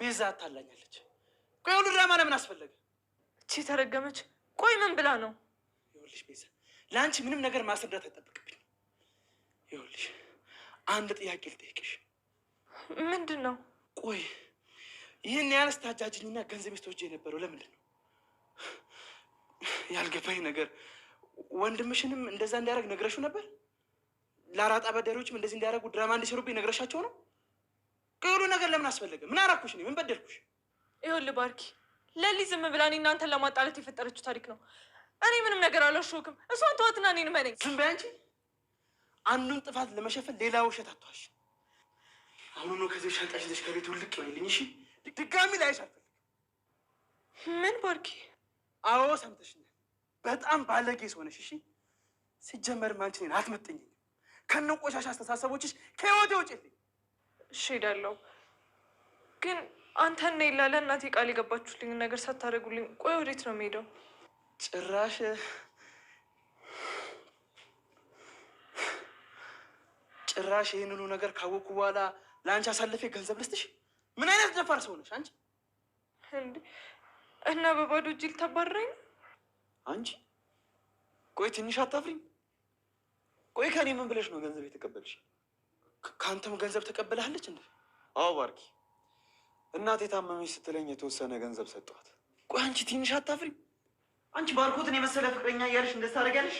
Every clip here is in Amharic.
ቤዛ አታላኛለች። ቆይ ሁሉ ድራማ ለምን አስፈለገ? እቺ ተረገመች። ቆይ ምን ብላ ነው? ይኸውልሽ ቤዛ፣ ለአንቺ ምንም ነገር ማስረዳት አይጠብቅብኝ። ይኸውልሽ አንድ ጥያቄ ልጠይቅሽ። ምንድን ነው? ቆይ ይህን ያንስ ታጃጅኝና ገንዘብ ስቶች የነበረው ለምንድን ነው? ያልገባኝ ነገር ወንድምሽንም እንደዛ እንዲያደርግ ነግረሹ ነበር? ለአራጣ በዳሪዎችም እንደዚህ እንዲያደርጉ ድራማ እንዲሰሩብኝ ነግረሻቸው ነው? ከሁሉ ነገር ለምን አስፈለገ? ምን አራኩሽ? እኔ ምን በደልኩሽ? ይኸውልህ ባርኪ፣ ለሊ ዝም ብላ እኔ እናንተን ለማጣላት የፈጠረችው ታሪክ ነው። እኔ ምንም ነገር አላሸሁክም። እሷን ተዋትና እኔን መነኝ። ዝም በይ አንቺ። አንዱን ጥፋት ለመሸፈን ሌላ ውሸት አትዋሽ። አሁኑ ነው ከዚህ ሻንጣሽ ይዘሽ ከቤት ውልቅ ይበልኝ። እሺ፣ ድጋሚ ላይሽ አልፈልግም። ምን ባርኪ? አዎ ሰምተሽኛል። በጣም ባለጌ ሆነሽ። እሺ፣ ሲጀመርም አንቺ እኔን አትመጥኝም። ከነቆሻሻ አስተሳሰቦችሽ ከህይወቴ ውጭልኝ። እሺ ሄዳለሁ። ግን አንተ እና ኤላ ለእናቴ ቃል የገባችሁልኝ ነገር ሳታደርጉልኝ ቆይ ወዴት ነው የምሄደው? ጭራሽ ጭራሽ ይህን ሁሉ ነገር ካወቅኩ በኋላ ለአንቺ አሳልፌ ገንዘብ ልስጥሽ? ምን አይነት ደፋር ሰው ነሽ አንቺ! እና በባዶ እጅ ልታባረኝ አንቺ? ቆይ ትንሽ አታፍሪኝ? ቆይ ከኔ ምን ብለሽ ነው ገንዘብ የተቀበልሽ? ከአንተም ገንዘብ ተቀበላለች እንዴ? አዎ ባርኪ፣ እናቴ ታመመች ስትለኝ የተወሰነ ገንዘብ ሰጠኋት። ቆይ አንቺ ትንሽ አታፍሪም? አንቺ ባርኮትን የመሰለ ፍቅረኛ እያለሽ እንደ ታደርጊያለሽ?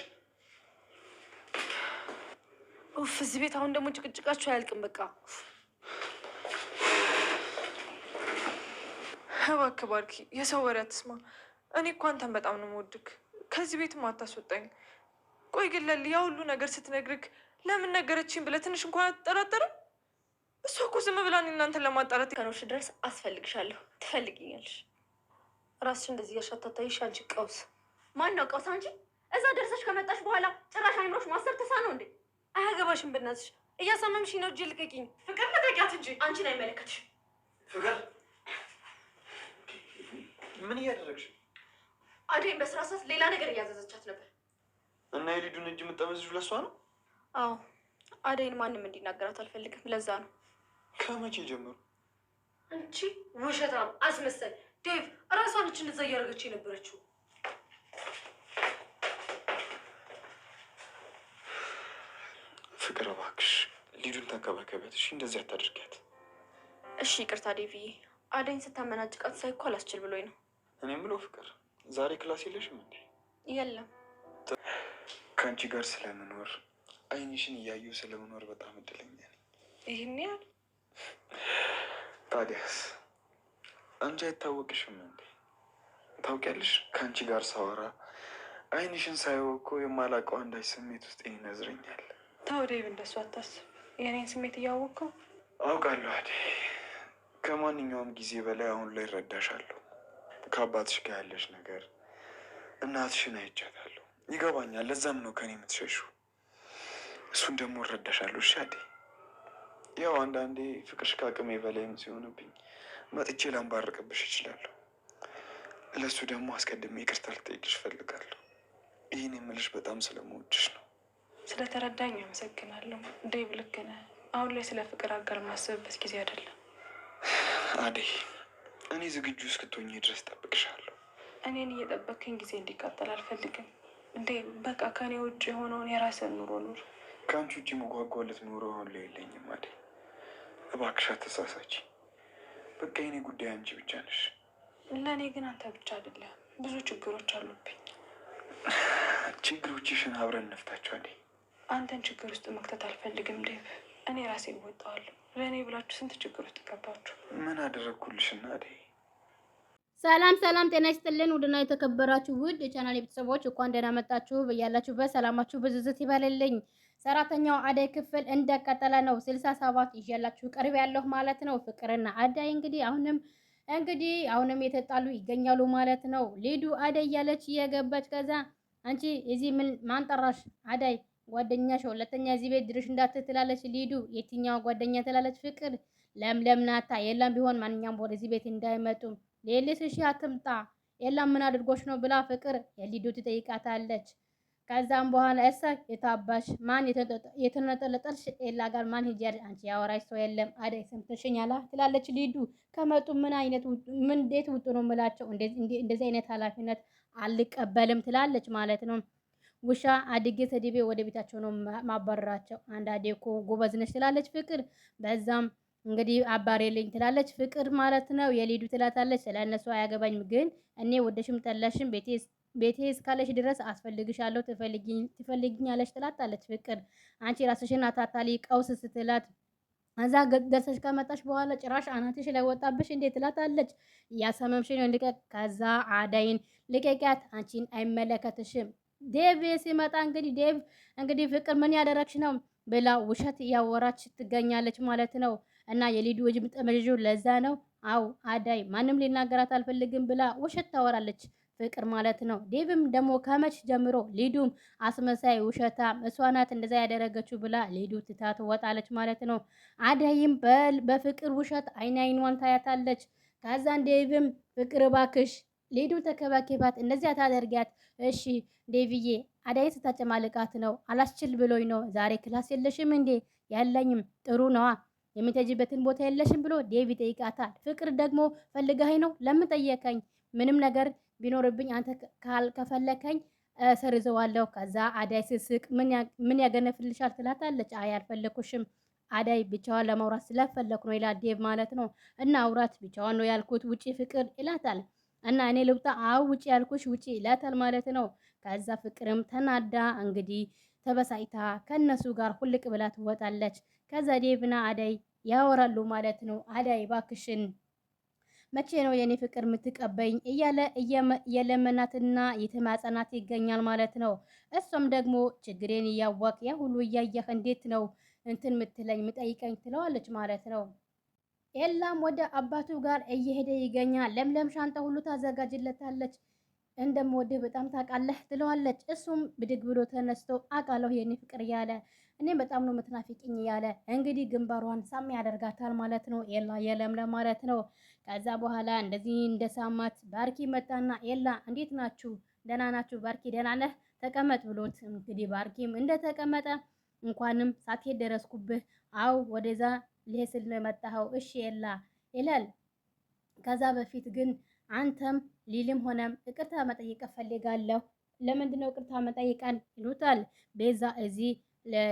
ኡፍ! እዚህ ቤት አሁን ደግሞ ጭቅጭቃችሁ አያልቅም። በቃ እባክህ ባርኪ፣ የሰው ወሬ አትስማ። እኔ እኮ አንተን በጣም ነው የምወድክ። ከዚህ ቤትም አታስወጣኝ። ቆይ ግን ለሊ ያ ሁሉ ነገር ስትነግርክ ለምን ነገረችኝ ብለህ ትንሽ እንኳን አትጠራጠርም? እሷ እኮ ዝም ብላን እናንተን ለማጣራት ከኖች ድረስ አስፈልግሻለሁ። ትፈልጊኛለሽ። ራስሽ እንደዚህ እያሻታታይሽ አንቺ ቀውስ። ማን ነው ቀውስ? አንቺ እዛ ደርሰሽ ከመጣሽ በኋላ ጭራሽ አይምሮሽ ማሰብ ተሳ ነው እንዴ? አያገባሽም። ብናዝሽ እያሳመምሽ ነው። እጅ ልቀቂኝ። ፍቅር ልቀቂያት እንጂ አንቺን አይመለከትሽ። ፍቅር ምን እያደረግሽ? አዴን በስራ ሰዓት ሌላ ነገር እያዘዘቻት ነበር እና የሊዱን እጅ የምጠመዝሽ ለሷ ነው አዎ አደይን ማንም እንዲናገራት አልፈልግም። ለዛ ነው። ከመቼ ጀምሮ? አንቺ ውሸታም አስመሰል ዴቭ፣ እራሷ ነች እንደዛ እያደረገች የነበረችው። ፍቅር እባክሽ ሊዱን ተንከባከቢያት እሺ፣ እንደዚህ አታድርጊያት እሺ። ይቅርታ ዴቪዬ፣ አደይን ስታመናጭቃት ሳይኮ አላስችል ብሎኝ ነው። እኔ የምለው ፍቅር፣ ዛሬ ክላስ የለሽም እንዴ? የለም። ከአንቺ ጋር ስለምኖር አይንሽን እያዩ ስለመኖር በጣም እድለኛ ነኝ። ይህን ያህል ታዲያስ አንቺ አይታወቅሽም እንዴ? ታውቂያለሽ፣ ከአንቺ ጋር ሳወራ አይንሽን ሳየው እኮ የማላውቀው አንዳች ስሜት ውስጥ ይነዝረኛል። ተው ዴቭ፣ እንደሱ አታስብ። የኔን ስሜት እያወቅከው አውቃለሁ። አዴ፣ ከማንኛውም ጊዜ በላይ አሁን ላይ እረዳሻለሁ። ከአባትሽ ጋር ያለሽ ነገር እናትሽን አይቻታለሁ። ይገባኛል። ለዛም ነው ከኔ የምትሸሹ እሱን ደግሞ እረዳሻለሁ። እሺ አዴ፣ ያው አንዳንዴ ፍቅርሽ ከአቅሜ በላይም ሲሆንብኝ መጥቼ ላንባርቅብሽ እችላለሁ። ለእሱ ደግሞ አስቀድሜ ይቅርታ ልጠይቅሽ እፈልጋለሁ። ይህን የምልሽ በጣም ስለምወድሽ ነው። ስለተረዳኝ አመሰግናለሁ። ዴቭ ልክ ነህ። አሁን ላይ ስለ ፍቅር አጋር ማስብበት ጊዜ አይደለም። አዴ፣ እኔ ዝግጁ እስክትሆኝ ድረስ ጠብቅሻለሁ። እኔን እየጠበቅኝ ጊዜ እንዲቃጠል አልፈልግም። እንዴ፣ በቃ ከኔ ውጭ የሆነውን የራስን ኑሮ ኑር። ከአንቺ ውጭ መጓጓለት ኖሮ አሁን ላይ የለኝም አይደል? እባክሽ በቃ የኔ ጉዳይ አንቺ ብቻ ነሽ። ለእኔ ግን አንተ ብቻ አይደለም፣ ብዙ ችግሮች አሉብኝ። ችግሮችሽን አብረን እንፍታቸው አንተን ችግር ውስጥ መክተት አልፈልግም ዴቭ። እኔ ራሴ እወጣዋለሁ። ለእኔ ብላችሁ ስንት ችግር ውስጥ ገባችሁ? ምን አደረግኩልሽና አይደል? ሰላም ሰላም፣ ጤና ይስጥልን ውድና የተከበራችሁ ውድ የቻናል ቤተሰቦች እንኳን ደህና መጣችሁ። በያላችሁበት ሰላማችሁ ብዝዝት ይበልልኝ። ሰራተኛው አደይ ክፍል እንደቀጠለ ነው። ስልሳ ሰባት ይዤላችሁ ቅርብ ያለሁ ማለት ነው። ፍቅርና አደይ እንግዲህ አሁንም እንግዲህ አሁንም የተጣሉ ይገኛሉ ማለት ነው። ሊዱ አደይ ያለች የገባች ከዛ አንቺ እዚህ ምን ማንጠራሽ አደይ ጓደኛሽ ሁለተኛ እዚህ ቤት ድርሽ እንዳትትላለች ሊዱ የትኛው ጓደኛ ትላለች ፍቅር ለምለም ናታ የለም ቢሆን ማንኛውም ወደ እዚህ ቤት እንዳይመጡ ሌሊት እሺ አትምጣ የለም ምን አድርጎሽ ነው ብላ ፍቅር የሊዱ ትጠይቃታለች ከዛም በኋላ እሳ የታባሽ ማን የተነጠለጠልሽ ኤላ ጋር ማን ሂጂ አንቺ ያወራሽ ሰው የለም አደይ ሰምተሽኛላ ትላለች ሊዱ ከመጡ ምን አይነት ምን እንዴት ውጡ ነው የምላቸው እንደዚህ አይነት ኃላፊነት አልቀበልም ትላለች ማለት ነው ውሻ አድጌ ተድቤ ወደ ቤታቸው ነው ማባረራቸው አንዳንዴ እኮ ጎበዝ ነሽ ትላለች ፍቅር በዛም እንግዲህ አባሬልኝ ትላለች ፍቅር ማለት ነው የሊዱ ትላታለች ስለእነሱ አያገባኝም ግን እኔ ወደሽም ጠላሽም ቤቴ ቤቴ እስካለሽ ድረስ አስፈልግሻለሁ፣ ትፈልግኛለሽ ትላታለች ፍቅር። አንቺ ራስሽን አታታሊ ቀውስ ስትላት እዛ ደርሰሽ ከመጣሽ በኋላ ጭራሽ አናትሽ ላይ ወጣብሽ እንዴ ትላታለች። እያሰመምሽን ልቀቅ፣ ከዛ አዳይን ልቀቂያት፣ አንቺን አይመለከትሽም። ዴቭ ሲመጣ እንግዲህ ዴቭ እንግዲህ ፍቅር ምን ያደረግሽ ነው ብላ ውሸት እያወራች ትገኛለች ማለት ነው። እና የሊዱ እጅ ጠመዥ ለዛ ነው። አው አዳይ ማንም ሊናገራት አልፈልግም ብላ ውሸት ታወራለች። ፍቅር ማለት ነው። ዴቭም ደግሞ ከመች ጀምሮ ሊዱም አስመሳይ ውሸታም እሷ ናት እንደዛ ያደረገችው ብላ ሊዱ ትታ ትወጣለች ማለት ነው። አደይም በፍቅር ውሸት አይን አይኗን ታያታለች። ከዛን ዴቭም ፍቅር እባክሽ ሊዱ ተከባኬባት፣ እንደዚያ ታደርጊያት እሺ ዴቪዬ አዳይን ስታጨማልቃት ነው አላስችል ብሎኝ ነው። ዛሬ ክላስ የለሽም እንዴ? ያለኝም ጥሩ ነዋ የሚተጅበትን ቦታ የለሽም ብሎ ዴቪ ጠይቃታል። ፍቅር ደግሞ ፈልጋኝ ነው ለምን ጠየቀኝ? ምንም ነገር ቢኖርብኝ አንተ ካልከፈለከኝ እስር ይዘዋለሁ። ከዛ አዳይ ስስቅ ምን ያገነፍልሻል ትላታለች። አይ አልፈለኩሽም አዳይ ብቻዋን ለማውራት ስለፈለኩ ነው ይላል ዴቭ ማለት ነው። እና አውራት ብቻዋን ነው ያልኩት ውጪ ፍቅር ይላታል። እና እኔ ልውጣ? አዎ ውጪ ያልኩሽ ውጪ ይላታል ማለት ነው። ከዛ ፍቅርም ተናዳ እንግዲህ ተበሳይታ ከነሱ ጋር ሁልቅ ብላ ትወጣለች። ከዛ ዴቭና አዳይ ያወራሉ ማለት ነው። አዳይ ባክሽን መቼ ነው የኔ ፍቅር የምትቀበኝ እያለ የለመናትና የተማጸናት ይገኛል ማለት ነው። እሷም ደግሞ ችግሬን እያወቅ ያ ሁሉ እያየህ እንዴት ነው እንትን ምትለኝ ምጠይቀኝ ትለዋለች ማለት ነው። ኤላም ወደ አባቱ ጋር እየሄደ ይገኛል። ለምለም ሻንጣ ሁሉ ታዘጋጅለታለች። እንደምወድህ በጣም ታውቃለህ ትለዋለች። እሱም ብድግ ብሎ ተነስቶ አውቃለሁ የኔ ፍቅር እያለ እኔም በጣም ነው የምትናፍቂኝ እያለ እንግዲህ ግንባሯን ሳም ያደርጋታል ማለት ነው። ኤላ የለምለም ማለት ነው። ከዛ በኋላ እንደዚህ እንደሳማት ባርኪ መጣና ኤላ እንዴት ናችሁ? ደህና ናችሁ? ባርኪ ደህና ነህ? ተቀመጥ ብሎት እንግዲህ ባርኪም እንደተቀመጠ እንኳንም ሳትሄድ ደረስኩብህ። አው ወደዛ ልሄድ ስል ነው የመጣኸው። እሺ ኤላ ይላል። ከዛ በፊት ግን አንተም ሊልም ሆነም ይቅርታ መጠየቅ እፈልጋለሁ። ለምንድነው ይቅርታ መጠየቃን ይሉታል። ቤዛ እዚህ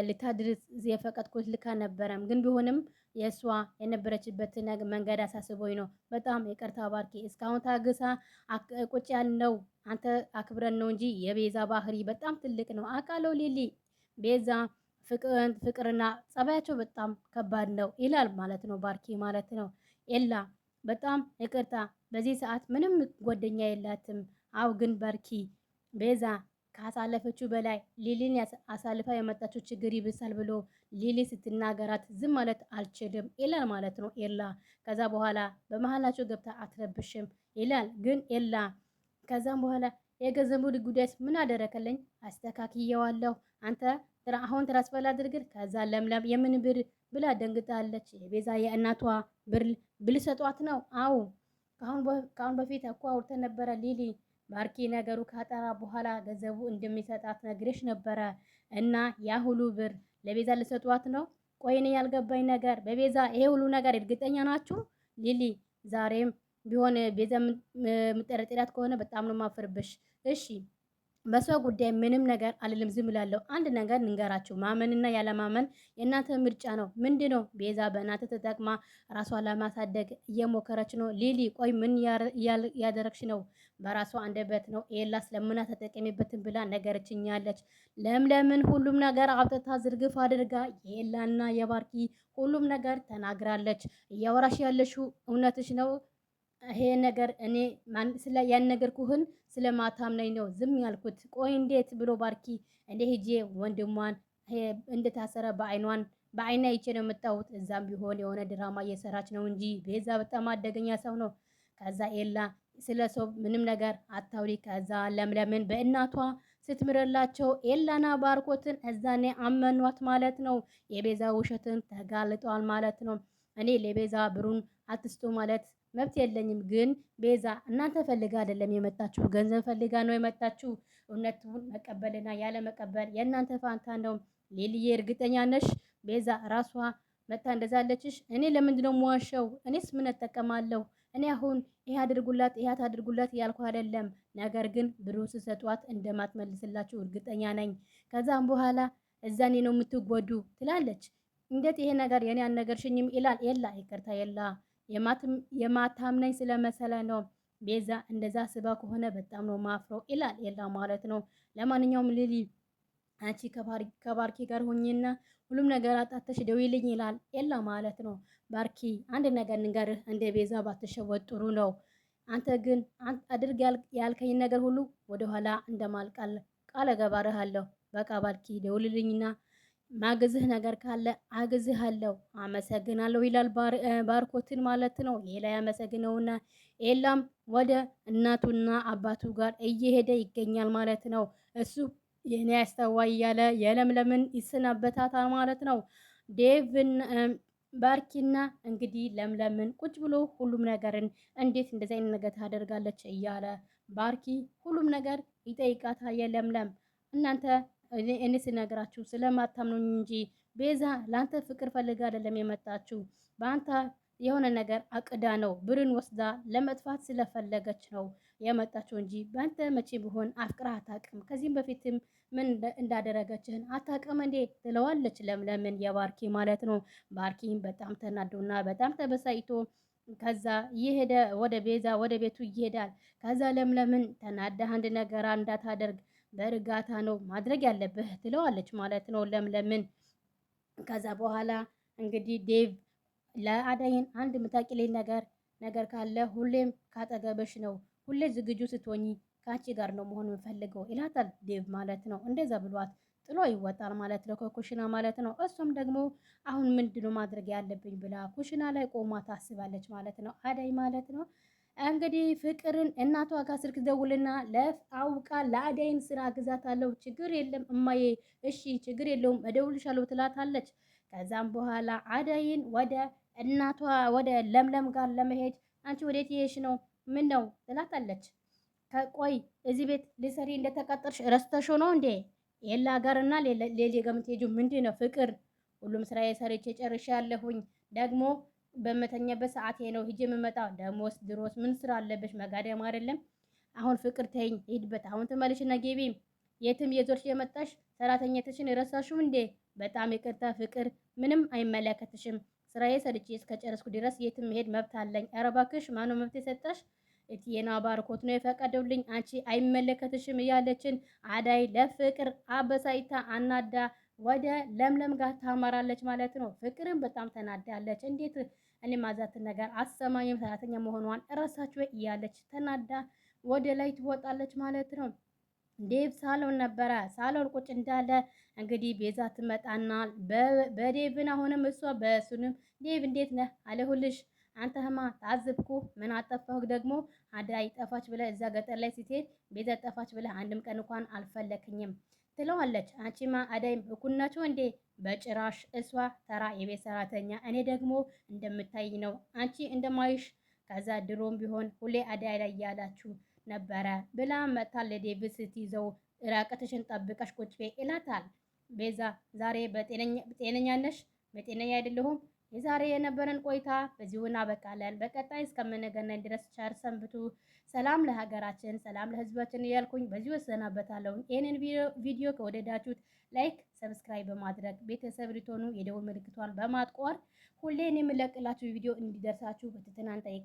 ልታድርስ የፈቀድኩት ልካ አልነበረም። ግን ቢሆንም የእሷ የነበረችበት መንገድ አሳስቦኝ ነው። በጣም ይቅርታ ባርኪ። እስካሁን ታግሳ ቁጭ ያለው አንተ አክብረን ነው እንጂ የቤዛ ባህሪ በጣም ትልቅ ነው አቃለው ሊሊ ቤዛ ፍቅርና ጸባያቸው በጣም ከባድ ነው ይላል ማለት ነው። ባርኪ ማለት ነው። ኤላ በጣም ይቅርታ፣ በዚህ ሰዓት ምንም ጓደኛ የላትም። አው ግን ባርኪ ቤዛ ካሳለፈችው በላይ ሊሊን አሳልፋ የመጣችው ችግር ይብሳል ብሎ ሊሊ ስትናገራት ዝም ማለት አልችልም ይላል ማለት ነው ኤላ። ከዛ በኋላ በመሀላቸው ገብታ አትረብሽም ይላል ግን ኤላ። ከዛም በኋላ የገንዘቡ ጉዳይስ ምን አደረከለኝ? አስተካክየዋለሁ። አንተ አሁን ትራንስፈር አድርግል። ከዛ ለምለም የምን ብር ብላ ደንግጣለች። የቤዛ የእናቷ ብር ብልሰጧት ነው። አዎ ከአሁን በፊት እኮ አውርተን ነበረ ሊሊ ማርኪ ነገሩ ካጠራ በኋላ ገንዘቡ እንደሚሰጣት ነግሬሽ ነበረ እና ያ ሁሉ ብር ለቤዛ ልሰጧት ነው። ቆይን ያልገባኝ ነገር በቤዛ ይሄ ሁሉ ነገር እርግጠኛ ናችሁ? ሊሊ ዛሬም ቢሆን ቤዛ የምጠረጥሪያት ከሆነ በጣም ነው ማፈርብሽ። እሺ በሰው ጉዳይ ምንም ነገር አልልም፣ ዝም ብላለሁ። አንድ ነገር ንገራችሁ፣ ማመንና ያለማመን የእናንተ ምርጫ ነው። ምንድን ነው ቤዛ በእናንተ ተጠቅማ ራሷ ለማሳደግ እየሞከረች ነው። ሊሊ ቆይ ምን ያደረግሽ ነው? በራሷ አንደበት ነው ኤላ ስለምና ተጠቀሚበትን ብላ ነገረችኛለች። ለምለምን ሁሉም ነገር አብጠታ ዝርግፍ አድርጋ የኤላና የባርኪ ሁሉም ነገር ተናግራለች። እያወራሽ ያለሽው እውነትሽ ነው ይሄ ነገር እኔ ስለ ያነገርኩህን ስለ ማታም ላይ ነው ዝም ያልኩት። ቆይ እንዴት ብሎ ባርኪ እንደ ሄጄ ወንድሟን እንደታሰረ በአይኗን በአይና ይቼ ነው የመጣሁት። እዛም ቢሆን የሆነ ድራማ እየሰራች ነው እንጂ ቤዛ በጣም አደገኛ ሰው ነው። ከዛ ኤላ ስለ ሰው ምንም ነገር አታውሪ። ከዛ ለምለምን በእናቷ ስትምርላቸው ኤላና ባርኮትን እዛኔ አመኗት ማለት ነው። የቤዛ ውሸትን ተጋልጧል ማለት ነው። እኔ ለቤዛ ብሩን አትስጡ ማለት መብት የለኝም። ግን ቤዛ እናንተ ፈልጋ አይደለም የመጣችሁ፣ ገንዘብ ፈልጋ ነው የመጣችሁ። እውነቱን መቀበልና ያለ መቀበል የእናንተ ፋንታ ነው። ሌልዬ እርግጠኛ ነሽ ቤዛ ራሷ መታ እንደዛለችሽ? እኔ ለምንድን ነው የምዋሸው? እኔስ ምን እጠቀማለሁ? እኔ አሁን ይሄ አድርጉላት ይሄ አድርጉላት እያልኩ አይደለም። ነገር ግን ብሩ ስሰጧት እንደማትመልስላችሁ እርግጠኛ ነኝ። ከዛም በኋላ እዛኔ ነው የምትጎዱ ትላለች። እንዴት ይሄ ነገር የኔ አልነገርሽኝም ይላል። የላ ይቅርታ የላ የማታምነኝ ስለመሰለ ነው። ቤዛ እንደዛ ስባ ከሆነ በጣም ነው ማፍረው ይላል ኤላ ማለት ነው። ለማንኛውም ሊሊ አንቺ ከባርኪ ጋር ሆኝና ሁሉም ነገር አጣተሽ ደውይልኝ ይላል ኤላ ማለት ነው። ባርኪ አንድ ነገር ንገርህ፣ እንደ ቤዛ ባትሸወጥ ጥሩ ነው። አንተ ግን አድርግ ያልከኝ ነገር ሁሉ ወደኋላ እንደማልቃል ቃል እገባርሃለሁ። በቃ ባርኪ ደውልልኝና ማግዝህ ነገር ካለ አግዝህ አለው። አመሰግናለሁ ይላል ባርኮትን ማለት ነው። ኤላ ያመሰግነውና ኤላም ወደ እናቱና አባቱ ጋር እየሄደ ይገኛል ማለት ነው። እሱ የኔ ያስተዋ እያለ የለምለምን ይሰናበታታል ማለት ነው። ዴቭን ባርኪና እንግዲህ ለምለምን ቁጭ ብሎ ሁሉም ነገርን እንዴት እንደዚህ አይነት ነገር ታደርጋለች እያለ ባርኪ ሁሉም ነገር ይጠይቃታል የለምለም እናንተ እኔ ስነግራችሁ ስለማታምኑኝ እንጂ ቤዛ ለአንተ ፍቅር ፈልጋ አይደለም የመጣችው በአንተ የሆነ ነገር አቅዳ ነው ብርን ወስዳ ለመጥፋት ስለፈለገች ነው የመጣችው እንጂ በአንተ መቼ ቢሆን አፍቅራ አታውቅም። ከዚህም በፊትም ምን እንዳደረገችህን አታውቅም እንዴ ትለዋለች። ለምለምን የባርኪ ማለት ነው። ባርኪም በጣም ተናዶና በጣም ተበሳይቶ ከዛ እየሄደ ወደ ቤዛ ወደ ቤቱ ይሄዳል። ከዛ ለምለምን ተናዳህ አንድ ነገር እንዳታደርግ በእርጋታ ነው ማድረግ ያለብህ ትለዋለች ማለት ነው ለምለምን። ከዛ በኋላ እንግዲህ ዴቭ ለአዳይን አንድ ምታቂልኝ ነገር ነገር ካለ ሁሌም ካጠገበሽ ነው፣ ሁሌ ዝግጁ ስትሆኚ ከአንቺ ጋር ነው መሆን የምፈልገው ይላታል ዴቭ ማለት ነው። እንደዛ ብሏት ጥሎ ይወጣል ማለት ነው ከኩሽና ማለት ነው። እሷም ደግሞ አሁን ምንድነው ማድረግ ያለብኝ ብላ ኩሽና ላይ ቆማ ታስባለች ማለት ነው አዳይ ማለት ነው። እንግዲህ ፍቅርን እናቷ ጋር ስልክ ደውልና ለአውቃ ለአዳይን ስራ ግዛታለሁ፣ ችግር የለም እማዬ፣ እሺ ችግር የለውም እደውልሻለሁ ትላታለች። ከዛም በኋላ አዳይን ወደ እናቷ ወደ ለምለም ጋር ለመሄድ አንቺ ወዴት ይሄሽ ነው ምን ነው ትላታለች። ከቆይ እዚህ ቤት ልሰሪ እንደተቀጠርሽ ረስተሽ ነው እንዴ? ኤላ ጋርና ሌሌ ገምቴጁ ምንድን ነው ፍቅር፣ ሁሉም ስራ የሰሪቼ ያለሁኝ ደግሞ በመተኛበት ሰዓት ነው ሂጅ የምመጣው። ደሞስ ድሮስ ምን ስራ አለብሽ? መጋደም አይደለም አሁን ፍቅር ተይኝ፣ ሂድበት አሁን ትመልሽና ገቢ የትም የዞርሽ የመጣሽ ሰራተኛተሽን የረሳሽው እንዴ? በጣም ይቅርታ ፍቅር፣ ምንም አይመለከትሽም። ስራዬ ሰርቼ እስከጨረስኩ ድረስ የትም መሄድ መብት አለኝ። ኧረ እባክሽ ማነው መብት የሰጠሽ? እትዬና ባርኮት ነው የፈቀደውልኝ። አንቺ አይመለከትሽም እያለችን አዳይ ለፍቅር አበሳይታ አናዳ ወደ ለምለም ጋር ታመራለች ማለት ነው። ፍቅርን በጣም ተናዳለች። እንዴት እኔ ማዛትን ነገር አሰማኝም ሰራተኛ መሆኗን እረሳችሁ እያለች ተናዳ ወደ ላይ ትወጣለች ማለት ነው። ዴቭ ሳሎን ነበረ። ሳሎን ቁጭ እንዳለ እንግዲህ ቤዛ ትመጣና በዴቭን አሁንም እሷ በሱንም ዴቭ እንዴት ነህ አለሁልሽ አንተ ህማ ታዝብኩ ምን አጠፋሁ ደግሞ አዳይ ጠፋች ብለህ እዛ ገጠር ላይ ስትሄድ ቤዛ ጠፋች ብለህ አንድም ቀን እንኳን አልፈለክኝም ትለዋለች። አንቺማ አዳይም እኩል እንዴ? በጭራሽ እሷ ተራ የቤት ሰራተኛ፣ እኔ ደግሞ እንደምታይ ነው አንቺ እንደማይሽ። ከዛ ድሮም ቢሆን ሁሌ አዳይ ላይ ያላችሁ ነበረ ብላ መታ ለዴቪድ ስትይዘው ራቀትሽን ጠብቀሽ ቁጭ በይ ይላታል። ቤዛ ዛሬ በጤነኛ ነሽ? በጤነኛ አይደለሁም። የዛሬ የነበረን ቆይታ በዚሁ እናበቃለን። በቀጣይ እስከምንገናኝ ድረስ ቸር ሰንብቱ። ሰላም ለሀገራችን፣ ሰላም ለሕዝባችን እያልኩኝ በዚህ ወሰናበታለሁ። ይህንን ቪዲዮ ከወደዳችሁት ላይክ፣ ሰብስክራይብ በማድረግ ቤተሰብ ልትሆኑ የደወል ምልክቷን በማጥቆር ሁሌን የምለቅላችሁ ቪዲዮ እንዲደርሳችሁ በትህትና እንጠይቃለን።